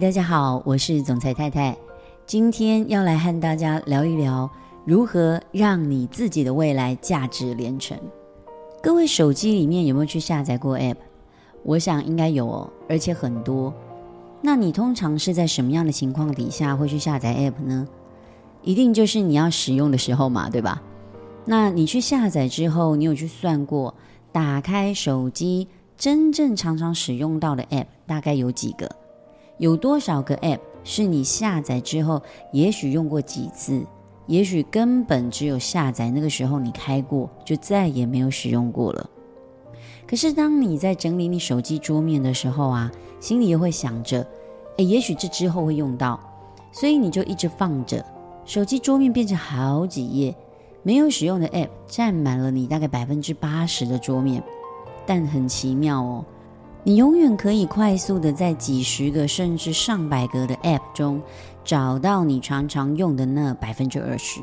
大家好，我是總裁太太，今天要來和大家聊一聊如何讓你自己的未來價值連城。各位手機裡面有沒有去下載過 App？我想應該有哦，而且很多。那你通常是在什麼樣的情況底下會去下載 App 呢？一定就是你要使用的時候嘛，對吧？那你去下載之後，你有去算過，打開手機真正常常使用到的 App 大概有幾個？有多少個 App 是你下載之後，也許用過幾次，也許根本只有下載那個時候你開過，就再也沒有使用過了。可是當你在整理你手機桌面的時候啊，心裡又會想着，哎、欸，也許這之後會用到，所以你就一直放着。手機桌面變成好幾頁，沒有使用的 App 占滿了你大概百分之八十的桌面，但很奇妙哦。你永遠可以快速的在幾十個甚至上百個的 App 中，找到你常常用的那百分之二十。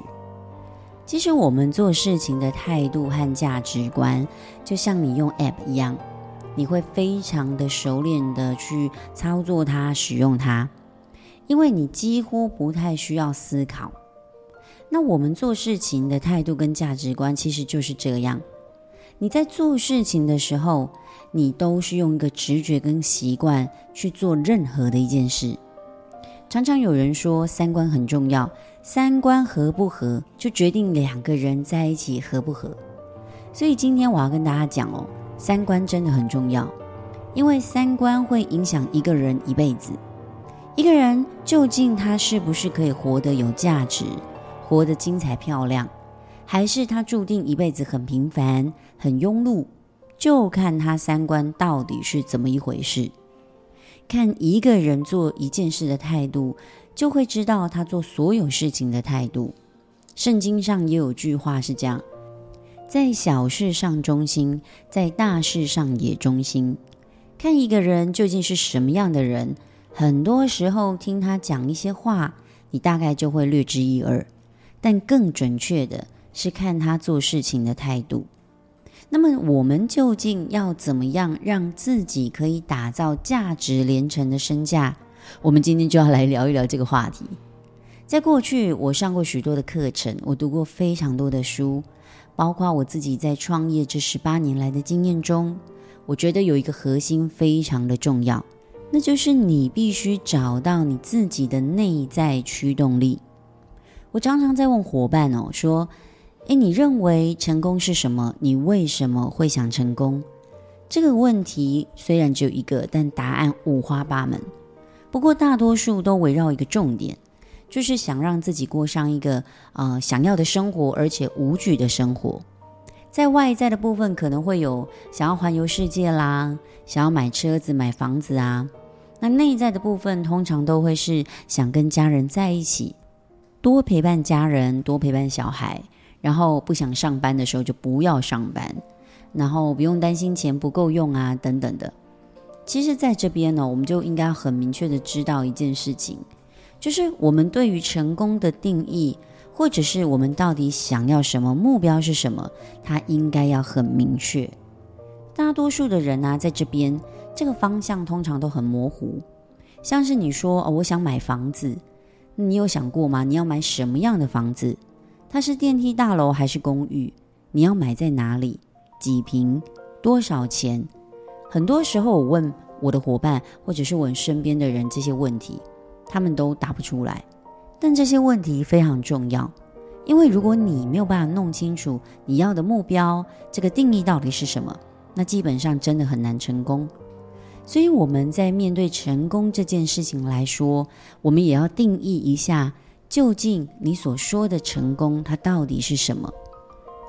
其實我們做事情的態度和價值觀，就像你用 App 一樣，你會非常的熟練的去操作它、使用它，因為你幾乎不太需要思考。那我們做事情的態度跟價值觀其實就是這樣。你在做事情的時候。你都是用一個直覺跟習慣去做任何的一件事。常常有人說三觀很重要，三觀合不合就決定兩個人在一起合不合。所以今天我要跟大家講哦，三觀真的很重要，因為三觀會影響一個人一輩子。一個人究竟他是不是可以活得有價值、活得精彩漂亮，還是他注定一輩子很平凡、很庸碌？就看他三觀到底是怎麼一回事。看一個人做一件事的態度，就會知道他做所有事情的態度。聖經上也有句話是這樣：在小事上忠心，在大事上也忠心。看一個人究竟是什麼樣的人，很多時候聽他講一些話，你大概就會略知一二。但更準確的是看他做事情的態度。那麼我們究竟要怎麼樣讓自己可以打造價值連城的身價？我們今天就要來聊一聊這個話題。在過去，我上過許多的課程，我讀過非常多的書，包括我自己在創業這十八年來的經驗中，我覺得有一個核心非常的重要，那就是你必須找到你自己的內在驅動力。我常常在問夥伴哦，說，哎，你認為成功是什麼？你為什麼會想成功？這個問題雖然只有一個，但答案五花八門。不過大多數都圍繞一個重點，就是想讓自己過上一個呃想要的生活，而且無懼的生活。在外在的部分，可能會有想要環遊世界啦，想要買車子、買房子啊。那內在的部分，通常都會是想跟家人在一起，多陪伴家人，多陪伴小孩。然後不想上班的時候就不要上班，然後不用擔心錢不夠用啊等等的。其實在這邊呢，我們就應該很明確的知道一件事情，就是我們對於成功的定義，或者是我們到底想要什麼，目標是什麼，它應該要很明確。大多數的人呢，在這邊這個方向通常都很模糊。像是你說哦，我想買房子，你有想過嗎？你要買什麼樣的房子？它是電梯大樓還是公寓？你要買在哪裡？幾坪？多少錢？很多時候我問我的夥伴，或者是我身邊的人這些問題，他們都答不出來。但這些問題非常重要，因為如果你沒有辦法弄清楚你要的目標這個定義到底是什麼，那基本上真的很難成功。所以我們在面對成功這件事情來說，我們也要定義一下。究竟你所說的成功，它到底是什麼？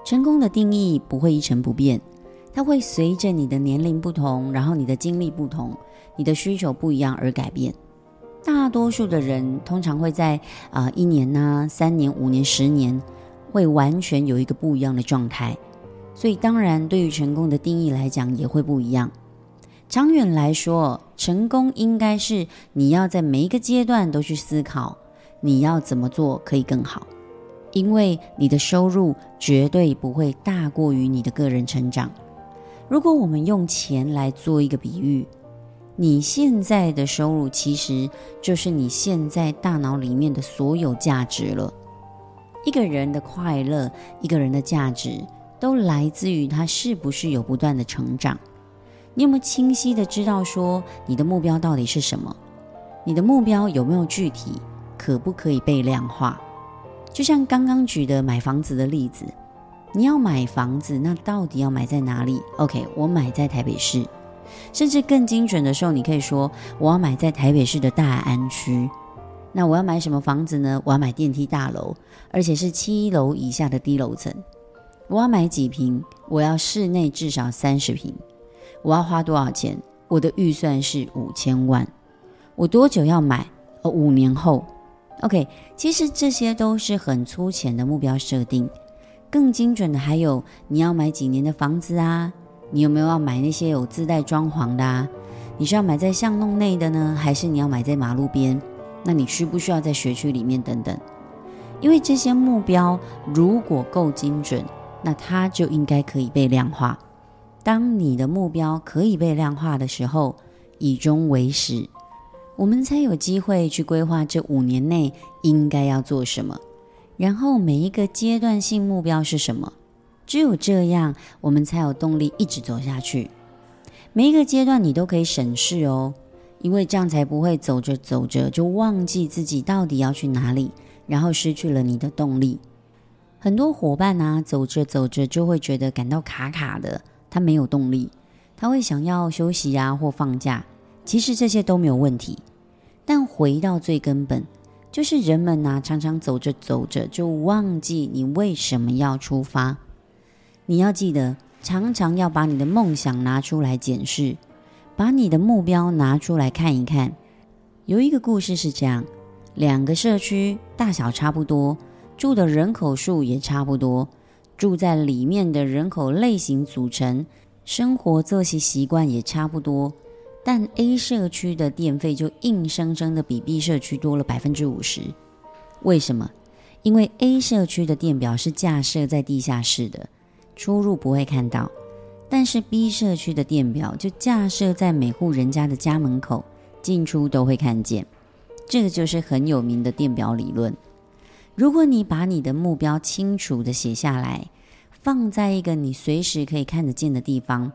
成功的定義不會一成不變，它會隨着你的年齡不同，然後你的經歷不同，你的需求不一樣而改變。大多數的人通常會在啊、呃、一年吶、啊、三年、五年、十年，會完全有一個不一樣的狀態。所以，當然對於成功的定義來講，也會不一樣。長遠來說，成功應該是你要在每一個階段都去思考。你要怎麼做可以更好？因為你的收入絕對不會大過於你的個人成長。如果我們用錢來做一個比喻，你現在的收入其實就是你現在大腦裡面的所有價值了。一個人的快樂，一個人的價值，都來自於他是不是有不斷的成長。你有沒有清晰的知道說你的目標到底是什麼？你的目標有沒有具體？可不可以被量化？就像剛剛舉的買房子的例子，你要買房子，那到底要買在哪裡？OK，我買在台北市，甚至更精準的時候，你可以說我要買在台北市的大安區。那我要買什麼房子呢？我要買電梯大樓，而且是七樓以下的低樓層。我要買幾坪？我要室內至少三十坪。我要花多少錢？我的預算是五千萬。我多久要買？而、哦、五年後。OK，其實這些都是很粗淺的目標設定，更精準的還有你要買幾年的房子啊？你有沒有要買那些有自帶裝潢的啊？你是要買在巷弄內的呢，還是你要買在馬路邊？那你需不需要在學區裡面？等等，因為這些目標如果夠精準，那它就應該可以被量化。當你的目標可以被量化的時候，以終為始。我們才有機會去規劃這五年內應該要做什麼，然後每一個階段性目標是什麼？只有這樣，我們才有動力一直走下去。每一個階段你都可以審視哦，因為這樣才不會走着走着就忘記自己到底要去哪裡，然後失去了你的動力。很多夥伴啊，走着走着就會覺得感到卡卡的，他沒有動力，他會想要休息啊或放假。其實這些都沒有問題，但回到最根本，就是人們吶、啊，常常走着走着就忘記你為什麼要出發。你要記得，常常要把你的夢想拿出來檢視，把你的目標拿出來看一看。有一個故事是這樣，兩個社區大小差不多，住的人口數也差不多，住在裡面的人口類型組成、生活作息習慣也差不多。但 A 社區的電費就硬生生的比 B 社區多了百分之五十，為什麼？因為 A 社區的電表是架設在地下室的，出入不會看到；但是 B 社區的電表就架設在每戶人家的家門口，進出都會看見。這個就是很有名的電表理論。如果你把你的目標清楚的寫下來，放在一個你隨時可以看得見的地方。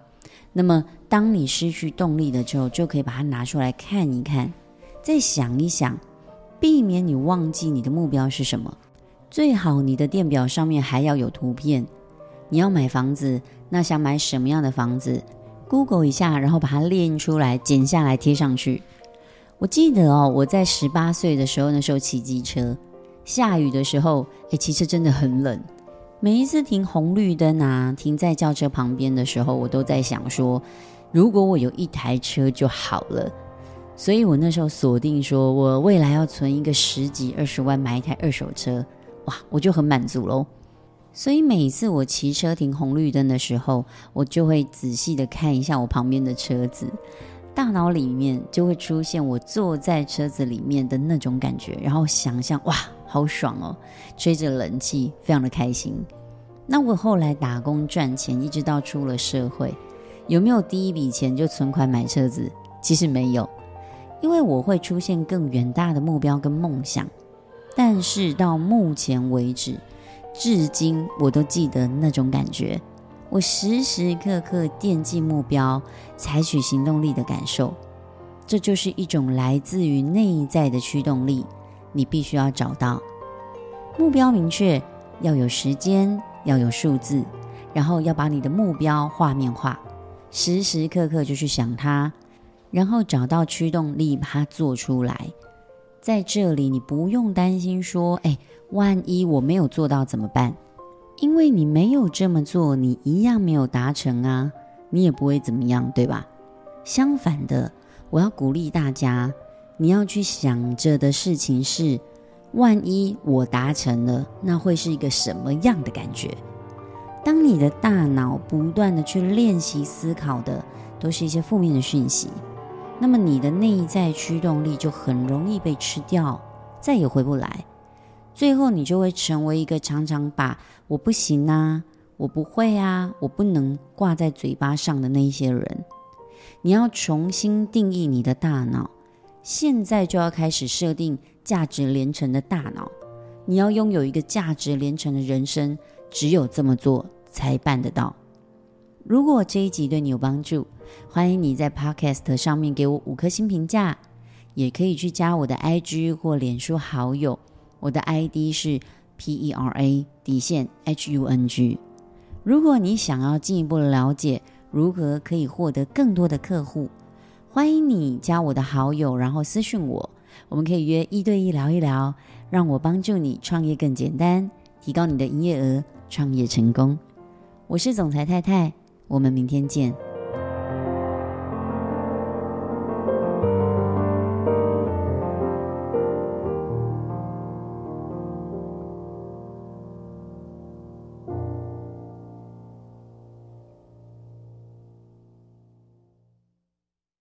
那麼，當你失去動力的時候，就可以把它拿出來看一看，再想一想，避免你忘記你的目標是什麼。最好你的電表上面還要有圖片。你要買房子，那想買什麼樣的房子？Google 一下，然後把它列印出來，剪下來貼上去。我記得哦，我在十八歲的時候，那時候騎機車，下雨的時候，哎，其實真的很冷。每一次停紅綠燈啊，停在轎車旁邊的時候，我都在想說，如果我有一台車就好了。所以我那時候鎖定說，我未來要存一個十幾二十萬買一台二手車，哇，我就很滿足嘍。所以每一次我騎車停紅綠燈的時候，我就會仔細的看一下我旁邊的車子。大腦裡面就會出現我坐在車子裡面的那種感覺，然後想象哇，好爽哦，吹着冷氣，非常的開心。那我後來打工賺錢，一直到出了社會，有沒有第一筆錢就存款買車子？其實沒有，因為我會出現更遠大的目標跟夢想。但是到目前為止，至今我都記得那種感覺。我時時刻刻惦記目標，採取行動力的感受，這就是一種來自於內在的驅動力。你必須要找到目標明確，要有時間，要有數字，然後要把你的目標畫面化，時時刻刻就去想它，然後找到驅動力把它做出來。在這裡，你不用擔心說：“哎，萬一我沒有做到怎麼辦？”因為你沒有這麼做，你一樣沒有達成啊，你也不會怎麼樣，對吧？相反的，我要鼓勵大家，你要去想着的事情是：萬一我達成了，那會是一個什麼樣的感覺？當你的大腦不斷的去練習思考的，都是一些負面的訊息，那麼你的內在驅動力就很容易被吃掉，再也回不來。最後，你就會成為一個常常把“我不行啊，我不會啊，我不能”掛在嘴巴上的那一些人。你要重新定義你的大腦，現在就要開始設定價值連城的大腦。你要擁有一個價值連城的人生，只有這麼做才辦得到。如果這一集對你有幫助，歡迎你在 Podcast 上面給我五顆星評價，也可以去加我的 IG 或臉書好友。我的 ID 是 PERA 底線 HUNG。如果你想要進一步了解如何可以獲得更多的客戶，歡迎你加我的好友，然後私信我，我們可以約一對一聊一聊，讓我幫助你創業更簡單，提高你的營業額，創業成功。我是總裁太太，我們明天見。